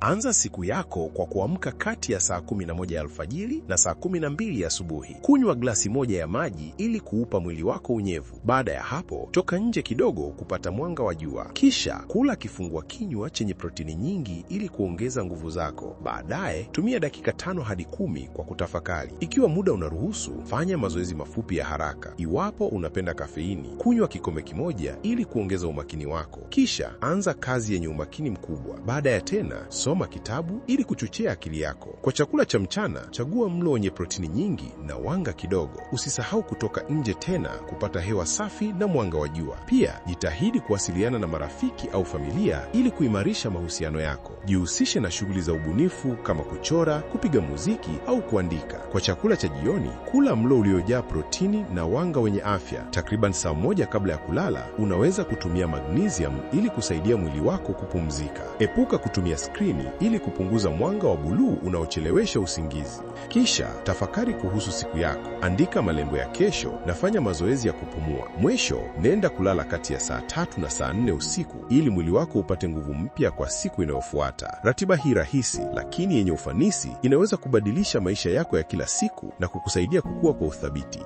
Anza siku yako kwa kuamka kati ya saa 11 alfajiri na saa 12 asubuhi. Kunywa glasi moja ya maji ili kuupa mwili wako unyevu. Baada ya hapo, toka nje kidogo kupata mwanga wa jua, kisha kula kifungua kinywa chenye protini nyingi ili kuongeza nguvu zako. Baadaye tumia dakika tano hadi kumi kwa kutafakari. Ikiwa muda unaruhusu, fanya mazoezi mafupi ya haraka. Iwapo unapenda kafeini, kunywa kikombe kimoja ili kuongeza umakini wako, kisha anza kazi yenye umakini mkubwa. Baada ya tena so kusoma kitabu ili kuchochea akili yako. Kwa chakula cha mchana, chagua mlo wenye protini nyingi na wanga kidogo. Usisahau kutoka nje tena kupata hewa safi na mwanga wa jua. Pia jitahidi kuwasiliana na marafiki au familia ili kuimarisha mahusiano yako. Jihusishe na shughuli za ubunifu kama kuchora, kupiga muziki au kuandika. Kwa chakula cha jioni, kula mlo uliojaa protini na wanga wenye afya. Takriban saa moja kabla ya kulala, unaweza kutumia magnesium ili kusaidia mwili wako kupumzika. Epuka kutumia skrini ili kupunguza mwanga wa buluu unaochelewesha usingizi. Kisha tafakari kuhusu siku yako, andika malengo ya kesho na fanya mazoezi ya kupumua. Mwisho, nenda kulala kati ya saa tatu na saa nne usiku ili mwili wako upate nguvu mpya kwa siku inayofuata. Ratiba hii rahisi lakini yenye ufanisi inaweza kubadilisha maisha yako ya kila kila siku na kukusaidia kukua kwa uthabiti.